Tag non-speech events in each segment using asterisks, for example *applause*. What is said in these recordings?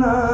lana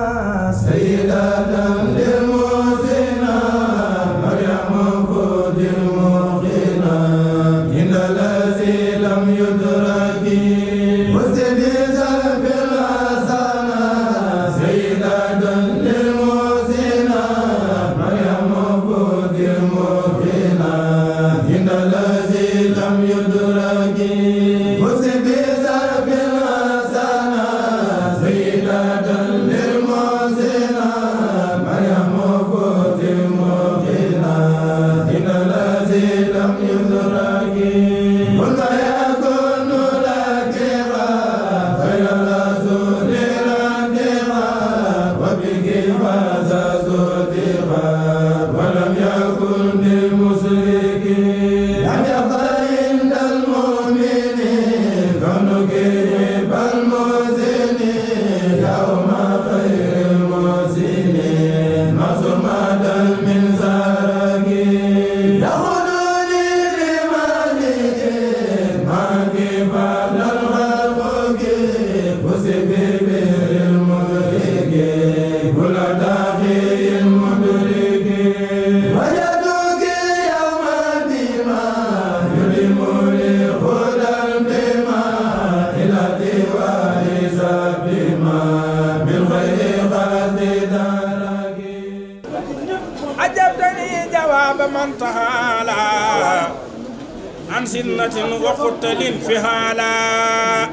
فهالا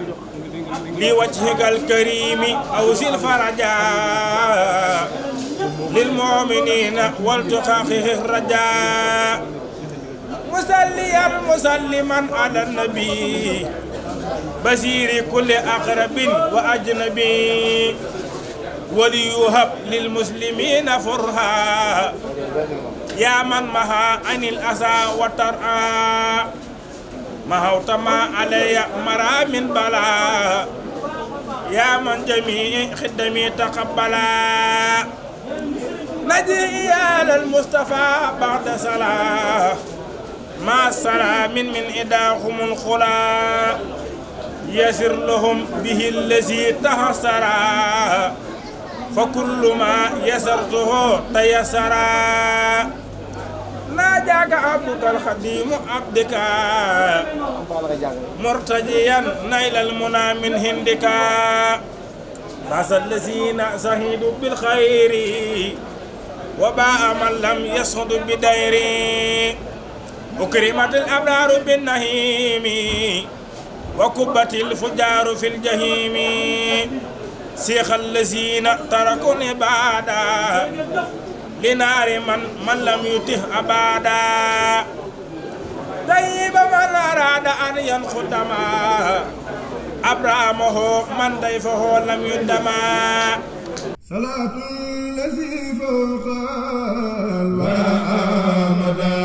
لوجهك الكريم أوزل فرجا للمؤمنين ولتحقق الرجاء مسليا مسلما على النبي بزير كل أقرب وأجنبي وليهب للمسلمين فرها يا من مها عن الأسى وترعى محوت ما علي مرا من بلا يا من جميع خدمي تقبلا نجي على المصطفى بعد صلاة ما سلام من إداهم الخلا يسر لهم به الذي تحسرا فكل ما يسرته تيسرا ناجاك عبدك الخديم عبدك مرتجيا نيل المنى من هندك فاز الذين زهدوا بالخير وباء من لم يصعد بدير أكرمت الأبرار بالنهيم وكبت الفجار في الجحيم سيخ الذين تركوا عبادا بنار من من لم يته أبدا طيب من أراد أن ينخد ما أبرامه من ضيفه لم يندما صلاة الذي فوق الله أبدا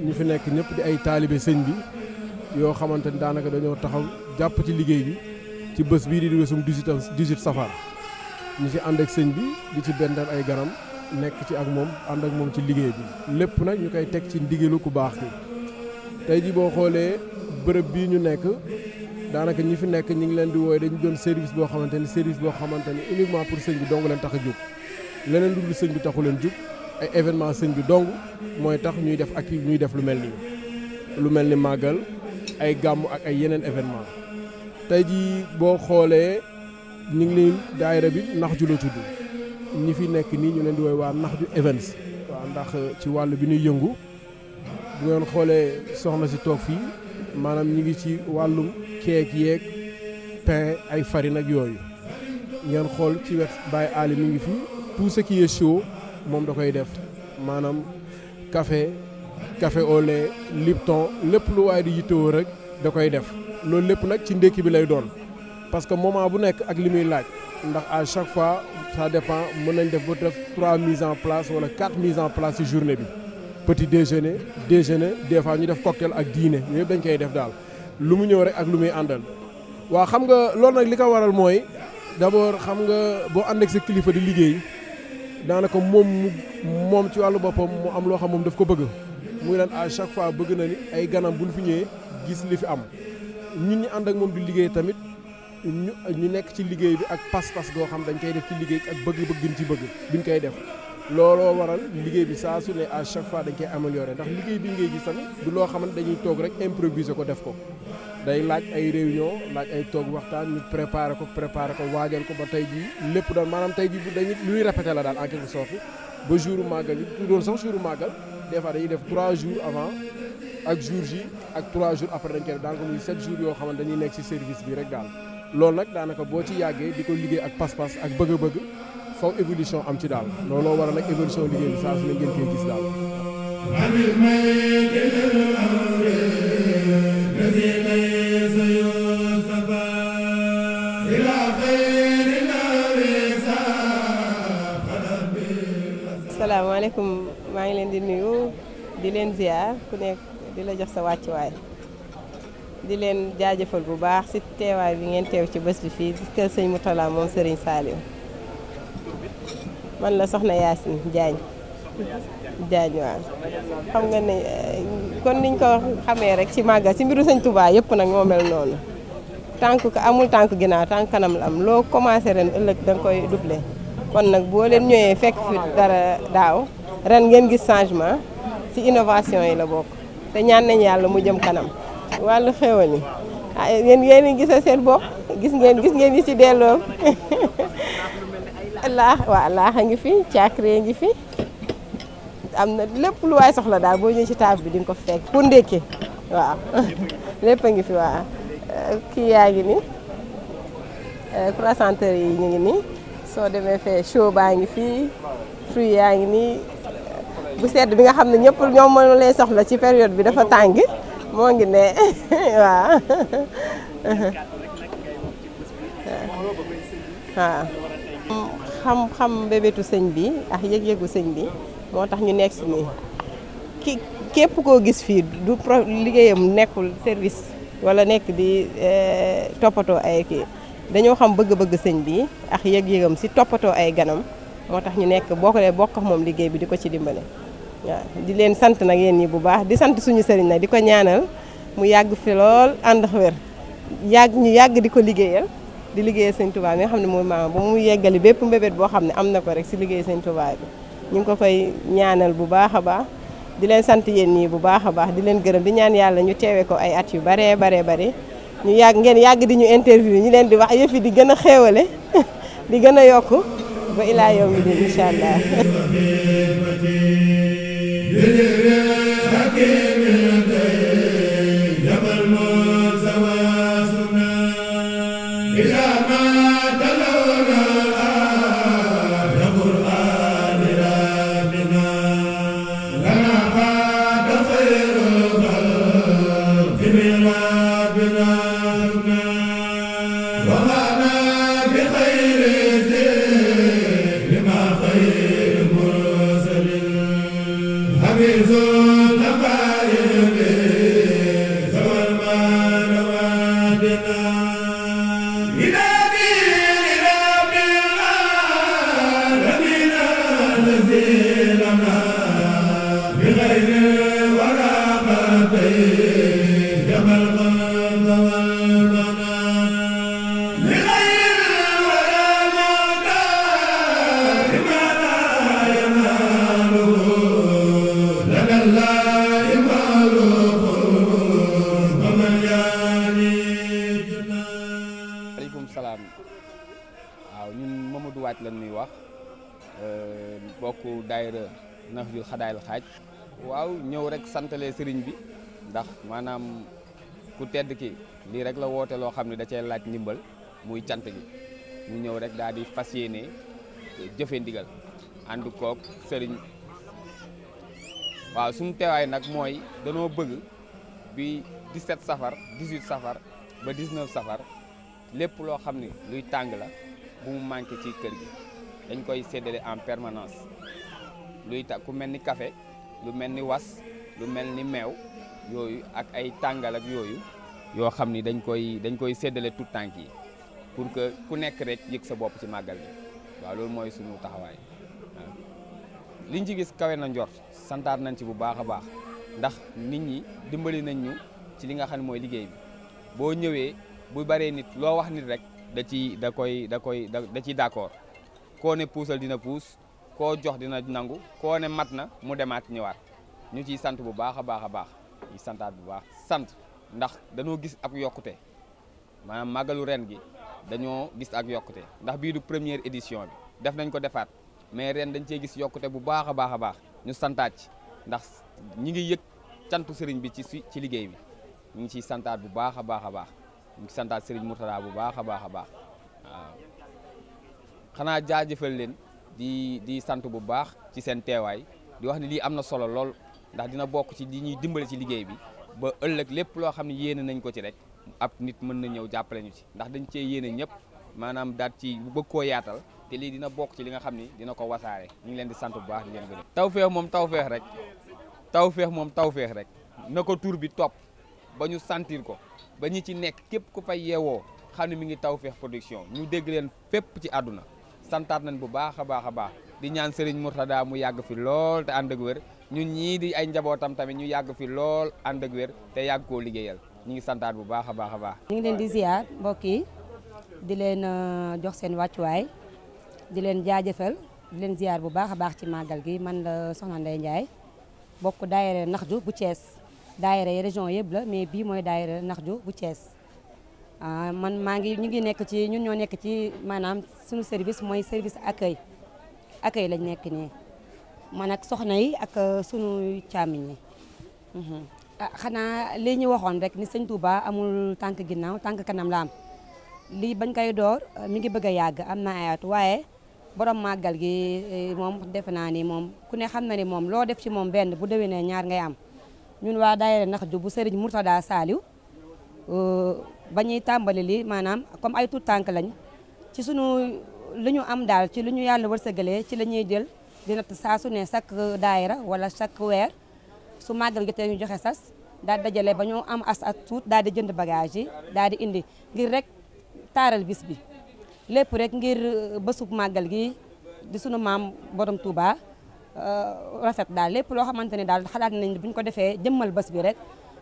ñu fi nekk ñëpp di ay taalibe sëñ bi yoo xamante ni daanaka dañoo taxaw jàpp ci liggéey bi ci bés bii di wesum 18 18 safar ñu ci ànd ak sëñ bi di ci bendal ay garam nekk ci ak moom ànd ak moom ci liggéey bi lépp nag ñu koy teg ci ndigalu ku baax ki tey ji boo xoolee bërëb bii ñu nekk daanaka ñi fi nekk ñi ngi leen di wooye dañu doon service boo xamante ni service boo xamante ni uniquement pour sëñ bi dong leen tax a jóg leneen lu dul sëñ bi taxu leen jóg ay e événement sëñ bi dong mooy tax ñuy def ak ñuy def lu mel nii lu mel ni màggal ay gàmm ak ay yeneen événement tey jii boo xoolee ñu ngi leen daayira bi nax ju la tudd ñi fi nekk nii ñu leen di woy waa nax ju si waa ndax ci wàll bi ñuy yëngu bu ngeen xoolee soxna si toog fii maanaam ñi ngi ci wàllum keek yeeg pain ay farine ak yooyu ngeen xool ci wet Baye Ali mi ngi fi tout ce qui est moom da koy def maanaam kafe kafe au lait Lipton lépp lu waaye di yittewoo rek da koy def loolu lépp nag ci ndékki bi lay doon parce que moment bu nekk ak li muy laaj ndax à chaque fois sa dépend mën nañ def ba def trois mises en place wala quatre mises en place ci journée bi petit déjeuner déjeuner des fois ñu def cocktail ak diine yëpp dañ koy def daal lu mu ñëw rek ak lu muy àndal waa xam nga loolu nag li ko waral mooy d'abord xam nga boo ànd ak kilifa di liggéey daanaka moom mu moom ci wàllu boppam mu am loo xam moom daf ko bëgg muy leen à chaque fois bëgg na ni ay ganam bu ñu fi ñëwee gis li fi am ñun ñi ànd ak moom di liggéey tamit ñu ñu nekk ci liggéey bi ak pas-pas goo xam dañ koy def ci liggéey ak bëgg-bëgg ci bëgg bi ñu koy def. looloo waral liggéey bi saa su ne à chaque fois dañ koy améliorer ndax liggéey bi ngay gis tamit du loo xamante dañuy toog rek improviser ko def ko day laaj ay réunion laaj ay toog waxtaan ñu préparer ko prépare ko waajal ko ba tey jii lépp daal maanaam tey jii bu dañuy lu ñuy la daal en quelque sorte ba jouru màggal yi du doon sax jouru màggal des fois dañuy def 3 jours avant ak jour ji ak 3 jours après dañ koy def daanaka muy 7 jours yoo xamante dañuy nekk ci service bi rek daal loolu nag daanaka boo ci yàggee di ko liggéey ak pas ak bëgg-bëgg faw évolution am ci daal looloo waral nag évolution liggéey bi saa su ne ngeen koy gis daal. asalaamaaleykum maa ngi leen di nuyu di leen ziar ku nekk di la jox sa wàccuwaay di leen jaajëfal bu baax si teewaay bi ngeen teew ci bés bi fii kër sëñ Moutalla moom Serigne Saliou. man la Soxna Yacine Diagne Diagne waaw xam nga ne eh, kon niñ ko xamee rek si màggal si mbiru sëñ Touba yëpp nag moo mel noonu tànk amul tànk ginnaaw tànk kanam la am loo commencé ren ëllëg da nga koy doublé kon nag boo leen ñëwee fekk fi dara daaw ren ngeen gis changement si innovation yi la bokk te ñaan yàlla mu jëm kanam wàllu xéwal yi ah yéen yéen a seen bopp gis ngeen gis ngeen yi si delloo *laughs* laax waa laax a ngi fi càkkri ngi fi am na lépp lu waay soxla daal boo ñëwee ci table bi di nga ko fekk pour ndékki waaw *laughs* lépp a ngi fi waaw euh, kii yaa ngi ni euh, croissanteur yi ñu ngi nii soo demee fee show baa ngi fi fruit yaa ngi ni bu sedd bi nga xam ne ñëpp ñoom mënu lay soxla ci période bi dafa tàng moo ngi ne *laughs* waaw *laughs* xam-xam mbébétu sëñ bi ak yëg-yëgu sëñ bi moo tax ñu nekk si nii ki képp koo gis fii du pro liggéeyam nekkul service wala nekk di eh, toppatoo ay kii dañoo xam bëgg-bëgg sëñ bi ak yëg-yëgam si toppatoo ay ganam moo tax ñu nekk boo ko bokk moom liggéey bi di ko ci dimbale waaw di leen sant nag yéen ñi bu baax di sant suñu sëriñ nag di ko ñaanal mu yàgg fi lool ànd ak yàgg ñu yàgg di ko liggéeyal di liggéey sëñ Tuubaa mi nga xam ne mooy maam ba mu yeggali bépp mbébét boo xam ne am na ko rek si liggéey sëñ Tuubaa bi ñu ngi ko koy ñaanal bu baax a baax di leen sant yéen ñii bu baax a baax di leen gërëm di ñaan yàlla ñu teewee ko ay at yu bare baree bari ñu yàgg ngeen yàgg di ñu interview ñu leen di wax yëf di gën a xéewale *laughs* di gën a yokk ba ilaa yow mi di allah *laughs* jàppale sëriñ bi ndax maanaam ku tedd ki lii rek la woote loo xam ne da cee laaj ndimbal muy cant gi ñu ñëw rek daal di fas yéene jëfe ndigal ànd koog sëriñ waaw suñu teewaay nag mooy danoo bëgg bi 17 safar 18 safar ba 19 safar lépp loo xam ni luy tàng la bu mu manqué ci kër dañ koy séddale en permanence luy ta ku mel was lu mel ni meew yooyu ak ay tàngal ak yooyu yoo xam ni dañ koy dañ koy séddale tout tànk yi pour que ku nekk rek yëg sa bopp ci màggal gi waaw loolu mooy suñu taxawaay waaw liñ ci gis kawe na njort santaat nañ ci bu baax a baax ndax nit ñi dimbali nañ ci li nga xam ne mooy liggéey bi boo ñëwee bu baree nit loo wax nit rek da ci da koy da koy da ciy d'accord koo ne puusal dina puus koo jox dina nangu koo ne mat na mu demaat ñëwaat ñu ciy sant bu baax a baax a baax ñu santaat bu baax sant ndax dañoo gis ak yokkute maa màggalu ren gi dañoo gis ak yokkute ndax bii du première édition bi def nañ ko defaat mais ren dañ cee gis yokkute bu baax a baax a baax ñu santaat ci ndax ñi ngi yëg cantu sëriñ bi ci ci liggéey bi ñu ngi ciy santaat bu baax a baax a baax ñu santaat sëriñ Mourtada bu baax a baax a baax waaw xanaa jaajëfal leen di di sant bu baax ci seen teewaay di wax ni lii am na solo lool. ndax dina bokk ci li ñuy dimbali ci liggéey bi ba ëllëg lépp loo xam ne yéene nañ ko ci rek ab nit mën na ñëw jàppale ñu ci ndax dañ cee yéene ñëpp maanaam daat ci bëgg koo yaatal te lii dina bokk ci li nga xam ni dina ko wasaare ñu ngi leen di sant bu baax di leen gërëm moom tawfeex rek tawfeex moom tawfeex rek na ko tur bi topp ba ñu sentir ko ba ñi ci nekk képp ku fay yeewoo xam ne mi ngi tawfeex production ñu dégg leen fépp ci àdduna santaat nañ bu baax a baax a baax di ñaan Serigne Mourtada mu yàgg fi lool te ànd ak wér ñu ñii di ay njabootam tamit ñu yàgg fi lool ànd ak wér te yàgg koo liggéeyal ñu ngi santaat bu baax a baax a baax. ñu ngi leen di ziar mbokk yi di leen euh, jox seen wàccuwaay di leen jaajëfal di leen ziar bu baax a baax ci màggal gi man la soxna Ndeye Ndiaye bokk daayira ju bu Thiès daayira yi région yëpp la mais bii mooy daayira ju bu Thiès. Ah, man maa ngi ñu ngi nekk ci ñun ñoo nekk ci maanaam suñu service mooy service accueil accueil lañ nekk nii. man ak soxna yi ak euh, sunu càmmiñ yi mhm. ah xanaa lii ñu waxoon rek ni sëñ Touba amul tànk ginnaaw tànk kanam la am lii bañ koy door euh, mi ngi bëgg a yàgg am na ayat waaye borom màggal gi euh, moom defe naa ni moom ku ne xam na ni moom loo def ci moom benn bu déwénee ñaar nga am ñun waa daayira nax ju bu Serigne Mourtada Saliou ba ñuy tàmbali lii maanaam comme ay tuut tànk lañ ci sunu lu ñu am daal ci lu ñu yàlla wërsëgalee ci la ñuy jël. di natt saa su ne chaque daayira wala chaque weer su gi jotee ñu joxe sas daal di dajale ba ñu am as ak tuut daal di jënd bagage yi daal di indi ngir rek taaral bis bi lépp rek ngir euh, bésub màggal gi di sunu maam borom Touba euh, rafet daal lépp loo xamante ne daal xalaat nañ bu ñu ko defee jëmmal bés bi rek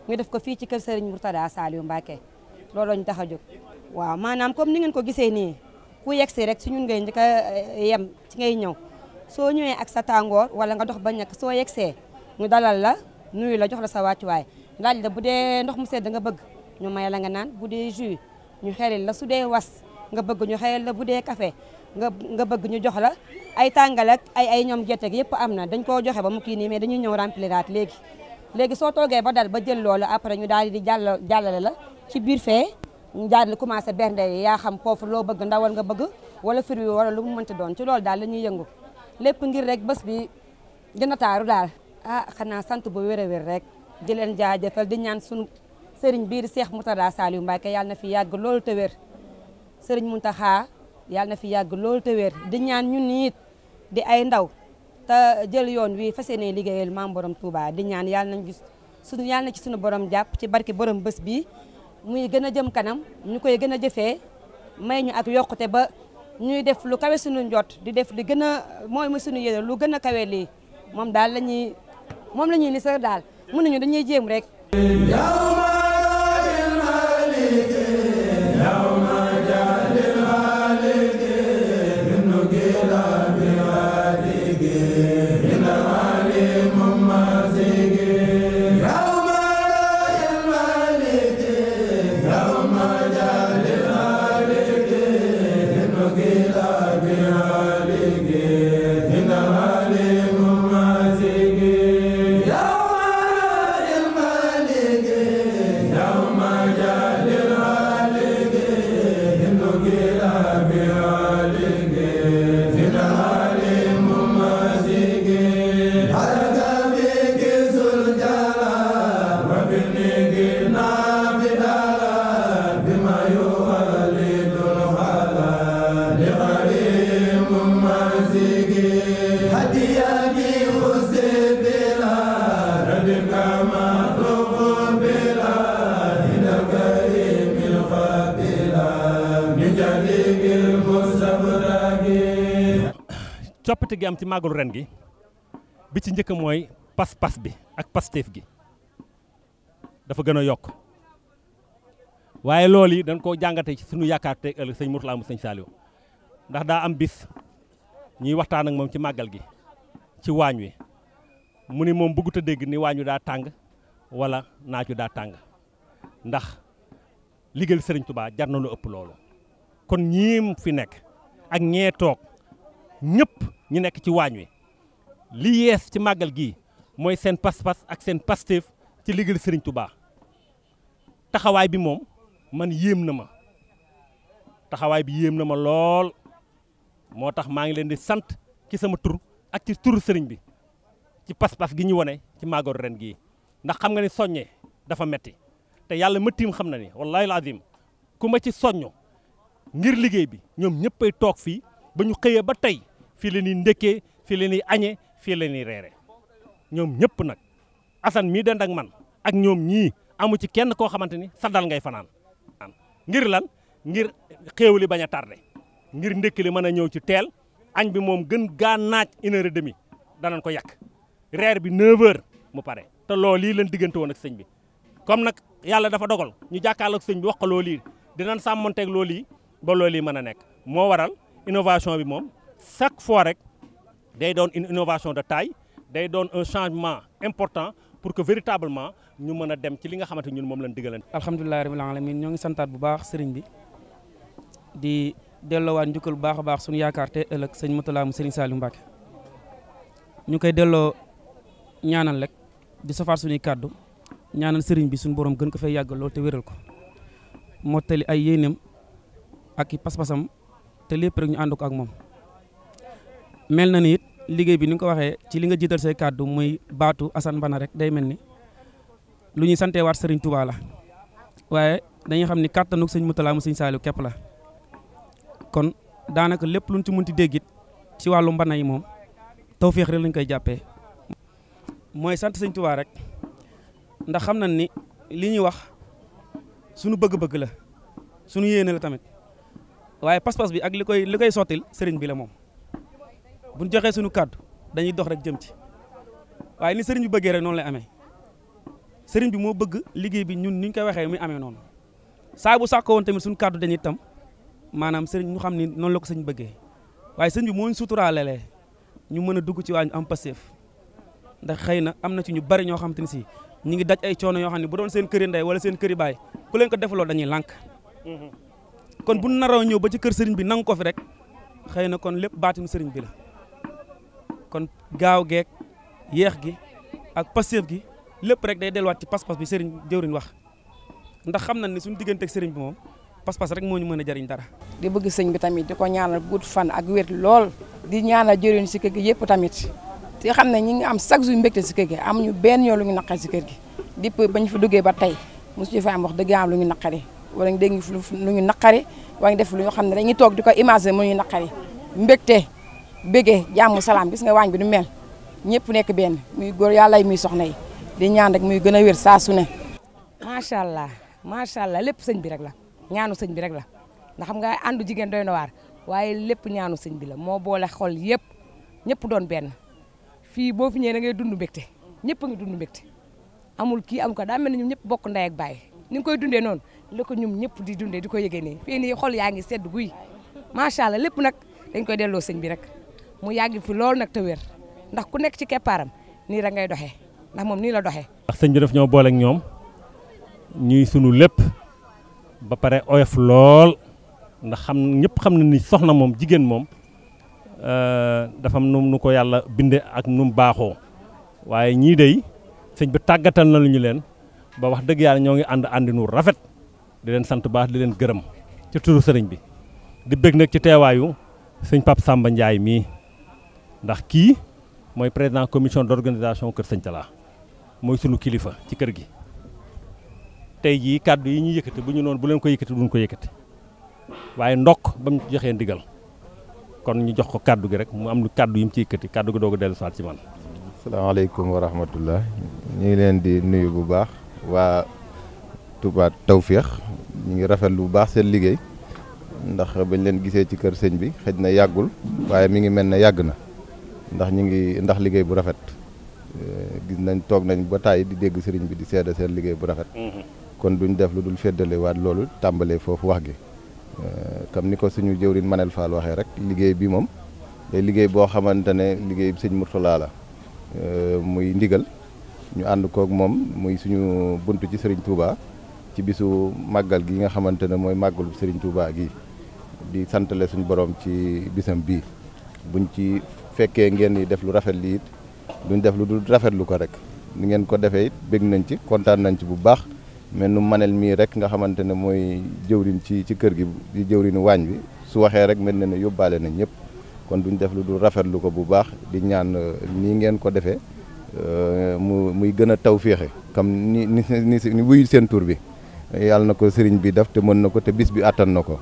ñu def ko fii ci kër Serigne Mourtada Saliou Mbacké looloo ñu tax a jóg waaw maanaam comme ni ngeen ko gisee nii ku yegg si rek si ñun ngay njëkk a euh, yem ci ngay ñëw soo ñëwee ak sa tàngoor wala nga dox ba ñàkk soo yegsee ñu dalal la nuyu la jox la sa wàccuwaay laaj la bu dee ndox mu sedd nga bëgg ñu may la nga naan bu dee jui ñu xelil la su dee was nga bëgg ñu xelil la bu dee kafe nga nga bëgg ñu jox la ay tàngal ak ay ñoom gerte gi yëpp am na dañ koo joxe ba mu kii nii mais dañuy ñëw rempliraat léegi léegi soo toogee ba dal ba jël loolu après ñu daal di jàll jàllale la ci biir fee ñu daal di commencé bernde yaa xam foofu loo bëgg ndawal nga bëgg wala fruit wala lu mu mënti doon ci loolu daal la ñuy yëngu lépp ngir rek bés bi gën a taaru daal ah xanaa sant bu were wer rek di leen jaajëfal di ñaan sunu sëriñ biir Seex Murtada Saliou Mbacke yàlla na fi yàgg loolu te wér sëriñ Muntaxa yàlla na fi yàgg lool te wér di ñaan ñun it di ay ndaw te jël yoon wii fas yéene liggéeyal maam borom Touba di ñaan yàlla nañ gis sunu yàlla na ci sunu borom jàpp ci barke borom bés bi muy gën a jëm kanam ñu koy gën a jëfee may ñu ak yokkute ba ñuy def lu kawe sunu njot di def li gën a mooy mu sunu yéene lu gën a kawe lii moom daal la ñuy moom la ñuy ni sax daal mën nañu dañuy jéem rek gi am ci màggalu ren gi bi ci njëkk mooy pas-pas bi ak pasteef gi dafa gën a yokk waaye loolu yi dañ koo jàngate ci suñu yaakaar tey ëllëg sëñ Mourtala mu sëñ Saliou ndax daa am bis ñuy waxtaan ak moom ci màggal gi ci waañ wi mu ni moom buggut a dégg ni waañu daa tàng wala naaju daa tàng ndax liggéeyal sëriñ tubaa jar na lu ëpp loolu kon ñiim fi nekk ak ñee toog ñëpp ñu nekk ci waañ wi li yees ci màggal gii mooy seen pas ak seen pasteef ci liggéey Serigne Touba taxawaay bi moom man yéem na ma taxawaay bi yéem na ma lool moo tax maa ngi leen di sant ci sama tur ak ci turu sëriñ bi ci pas-pas gi ñu wone ci màggal ren gii ndax xam nga ne soññe dafa metti te yàlla ma tiim xam na ni wallaahi alazim ku ma ci soññu ngir liggéey bi ñoom ñëppay toog fii ba ñu xëyee ba tey fii la ñuy ndékkee fii la ñuy añee fii la ñuy reere ñoom ñëpp nag Assane mii dend ak man ak ñoom ñii amu ci kenn koo xamante ni sa dal ngay fanaan ngir lan ngir xéew li bañ a tardé ngir ndékki li mën a ñëw ci teel añ bi moom gën gaa naaj une heure danañ ko yàq reer bi 9 heures mu pare te lool lii leen diggante woon ak sëñ bi comme nag yàlla dafa dogal ñu jàkkaarloo ak sëñ bi wax ko loolu yi dinañ sàmmonteeg loolu yi ba loolu yi mën a nekk moo waral innovation bi moom chaque fois rek day doon une innovation de taille day doon un changement important pour que véritablement ñu mën a dem ci li nga xamante ñun moom lañ diggaleen alhamdulilah rabbil alamin ñoo ngi santaat bu baax sëriñ bi di delloowaat njukkal bu baax a baax suñu yaakaar te sëñ Moutala mu sëriñ Saliou ñu koy delloo ñaanal rek di sofaat suñuy kàddu ñaanal sëriñ bi suñu borom gën ko fay yàggal te wéral ko mottali ay yéeneem ak i pas-pasam te lépp rek ñu ànd ak moom mel na ni it liggéey bi ni nga ko waxee ci li nga jiital say kàddu muy baatu Assane Bana rek day mel ni lu ñuy santeewaat sëriñ Touba la waaye dañuy xam ni kàttanug sëñ Moutala mu sëñ Saliou képp la kon daanaka lépp luñ ci munti déggit ci wàllu mbana yi moom tawféex rek lañ koy jàppee. mooy sant sëñ rek ndax xam na ni li ñuy wax sunu bëgg-bëgg la sunu yéene la tamit waaye pas-pas bi ak li koy li koy sottil sëriñ bi la moom. bu ñu joxee suñu kàddu dañuy dox rek jëm ci waaye ni sëriñ bi bëggee rek noonu la amee sëriñ bi moo bëgg liggéey bi ñun ni ñu koy waxee muy amee noonu saa bu woon tamit suñu kàddu dañuy tam maanaam sëriñ ñu xam ni noonu la ko sëriñ bëggee waaye sëriñ bi moo ñu lee ñu mën a dugg ci waa ñu am passif ndax xëy na am na ci ñu bari ñoo xam te ne si ñu ngi daj ay coono yoo xam ne bu doon seen këri ndey wala seen këri baay ku leen ko defaloo dañuy lànk mhm. kon bu naroo ba ci kër sëriñ bi nangu ko fi rek xëy na kon lépp baatinu sëriñ bi la kon gaaw geeg yeex gi ak passeef gi lépp rek day delluwaat ci pas-pas bi sëriñ jëwriñ wax ndax xam na ne suñu digganteeg sëriñ bi moom pas-pas rek moo ñu mën a jariñ dara. di bëgg sëñ bi tamit di ko ñaanal gudd fan ak wér lool di ñaanal jëriñ si gi yëpp tamit te xam ne ñu ngi am chaque jour mbégte si kër gi amuñu benn yoon lu ñu naqari si kër gi depuis ba ñu fa duggee ba tey mosu ñu fa am wax dëgg am lu ñu naqari wala ñu dégg lu ñu naqari wala ñu def lu ñu xam ne dañuy toog di ko imaginer mu ñu naqari mbégte bëggee jàmm salaam gis nga waañ bi du mel ñëpp nekk benn muy góor yàlla muy soxna yi di ñaan rek muy gën a wér saa su ne. macha allah macha allah lépp sëñ bi rek la ñaanu sëñ bi rek la ndax xam nga àndu jigéen doy na waar waaye lépp ñaanu sëñ bi la moo boole xol yëpp ñëpp doon benn fii boo fi ñëwee da ngay dund mbégte ñëpp a ngi dund mbégte amul kii am ko daa mel ne ñoom ñëpp bokk ndey ak baay ni nga koy dundee noonu la ko ñoom ñëpp di dundee di ko yëgee nii fii nii xol ngi sedd guy macha allah lépp nag dañ koy delloo sëñ bi rek. mu yàgg fi lool nag te ndax ku nekk ci keppaaram nii rek ngay doxee ndax moom nii la doxee. ndax sëñ bi daf ñoo booleek ñoom ñuy sunu lépp ba pare oyof lool ndax xam ñëpp xam na ni soxna moom jigéen moom euh, dafa am nu ko yàlla binde ak nu baaxoo waaye ñii dey sëñ bi tàggatal na lu leen ba wax dëgg yàlla ñoo ngi ànd àndinu rafet di leen sant baax di leen gërëm ci turu sëriñ bi di bëgg nag ci teewaayu sëñ Pape Samba njaay mii. ndax kii mooy président commission d'organisation Kër Sëñ Talla mooy sunu kilifa ci kër gi tey jii kàddu yi ñu yëkkati bu ñu noonu bu leen ko yëkkati duñ ko yëkkati waaye ndokk ba mu joxee ndigal kon ñu jox ko kàddu gi rek mu am lu kàddu yi mu ci yëkkati kàddu gi doog a dellu saat ci man asalaamaaleykum wa rahmatullah ñu ngi leen di nuyu bu baax waa Touba Tawféex ñu ngi rafet lu bu baax seen liggéey ndax bañ leen gisee ci kër sëñ bi xëj na yàggul waaye mi ngi mel ne yàgg na ndax ñu ngi ndax liggéey bu rafet eh, gis nañ toog nañ ba tàyyi di dégg sëriñ bi di seede seen liggéey bu rafet mm-hmm. kon duñ def lu dul féddale waat loolu tàmbalee foofu wax gi eh, comme ni ko suñu jëwriñ Manel Fall waxee rek liggéey bi moom day liggéey boo xamante ne liggéey sëñ Mourtala la eh, muy ndigal ñu ànd kook moom muy suñu bunt ci sëriñ Touba ci bisu màggal gi nga xamante ne mooy màggalu sëriñ Touba gi di santale suñ boroom ci bisam bii buñ ci fekkee ngeen di def lu rafet lii it duñ def lu dul rafetlu ko rek ni ngeen ko defee it bég nañ ci kontaan nañ ci bu baax mais nu manel mii rek nga xamante ne mooy jëwriñ ci ci kër gi di jëwriñu waañ bi su waxee rek mel na ne yóbbaale nañ ñëpp kon duñ def lu dul rafetlu ko bu baax di ñaan euh, nii ngeen ko defee euh, mu muy gën a taw féexe comme ni ni ni wuyu seen tur bi yàlla na ko sëriñ bi def te mën na ko te bis bi àttan na ko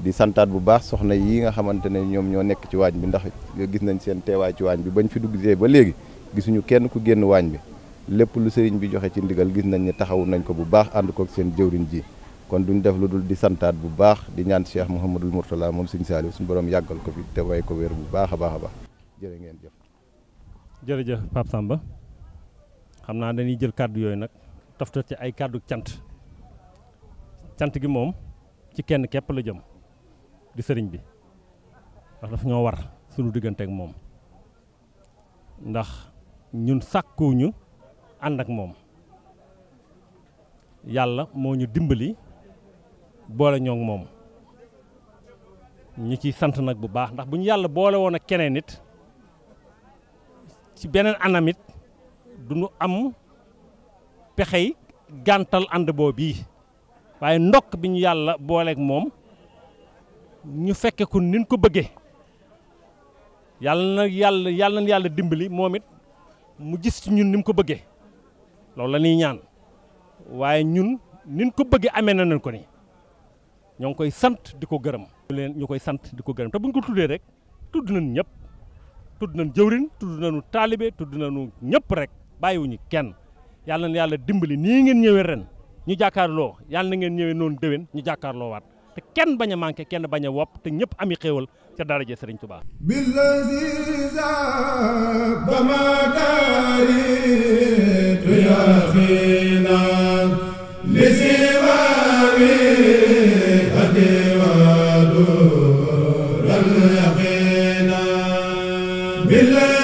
di santaat bu baax soxna yi nga xamante ne ñoom ñoo nekk ci waañ bi ndax gis nañ seen teewaay ci waañ bi bañ fi dugg ba léegi gisuñu kenn ku génn waañ bi lépp lu sëriñ bi joxe ci ndigal gis nañ ne taxawu nañ ko bu baax ànd kook seen jëwriñ ji kon duñ def lu dul di santaat bu baax di ñaan Cheikh Mouhamadul Mourtala moom suñu saali suñu borom yàggal ko fi te way ko wér bu baax a baax a baax jërë ngeen jëf. jërëjëf Pape Samba xam naa dañuy jël kàddu yooyu nag toftal ci ay kàddu cant cant gi moom ci kenn képp la jëm. di sëriñ bi ndax daf ñoo war sunu diggante ak moom ndax ñun sàkkuwuñu ànd ak moom yàlla moo ñu dimbali boole ñoo moom ñu ciy sant nag bu baax ndax bu ñu yàlla boole woon ak keneen nit ci beneen anamit it du ñu am pexey gàntal ànd boobu yi waaye ndokk bi ñu yàlla booleeg moom ñu fekke ko nin ko bëggee yàlla na yàlla yàlla na yàlla dimbali moom it mu gis ci ñun ni mu ko bëggee loolu la ñuy ñaan waaye ñun nin ko bëggee amee na nen ko ni ñoo ngi koy sant di ko gërëm. ñu leen ñu koy sant di ko gërëm te bu ñu ko tuddee rek tudd nañ ñëpp tudd nañ jëwrin tudd nañu taalibe tudd nañu ñëpp rek bàyyiwuñu kenn yàlla na yàlla dimbali nii ngeen ñëwee ren ñu jàkkaarloo yàlla na ngeen ñëwee noonu déwén ñu jàkkaarloo waat. te kenn bañ a manqué kenn bañ a wopp te ñëpp ami xéewal ca daraja Sëriñ Tuubaa Billah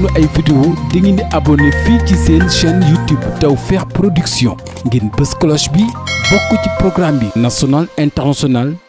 sunu ay vidéo da ngeen di abonné fii ci seen chaîne YouTube Tawfekh Production ngeen bës cloche bi bokk ci programme bi nasonal international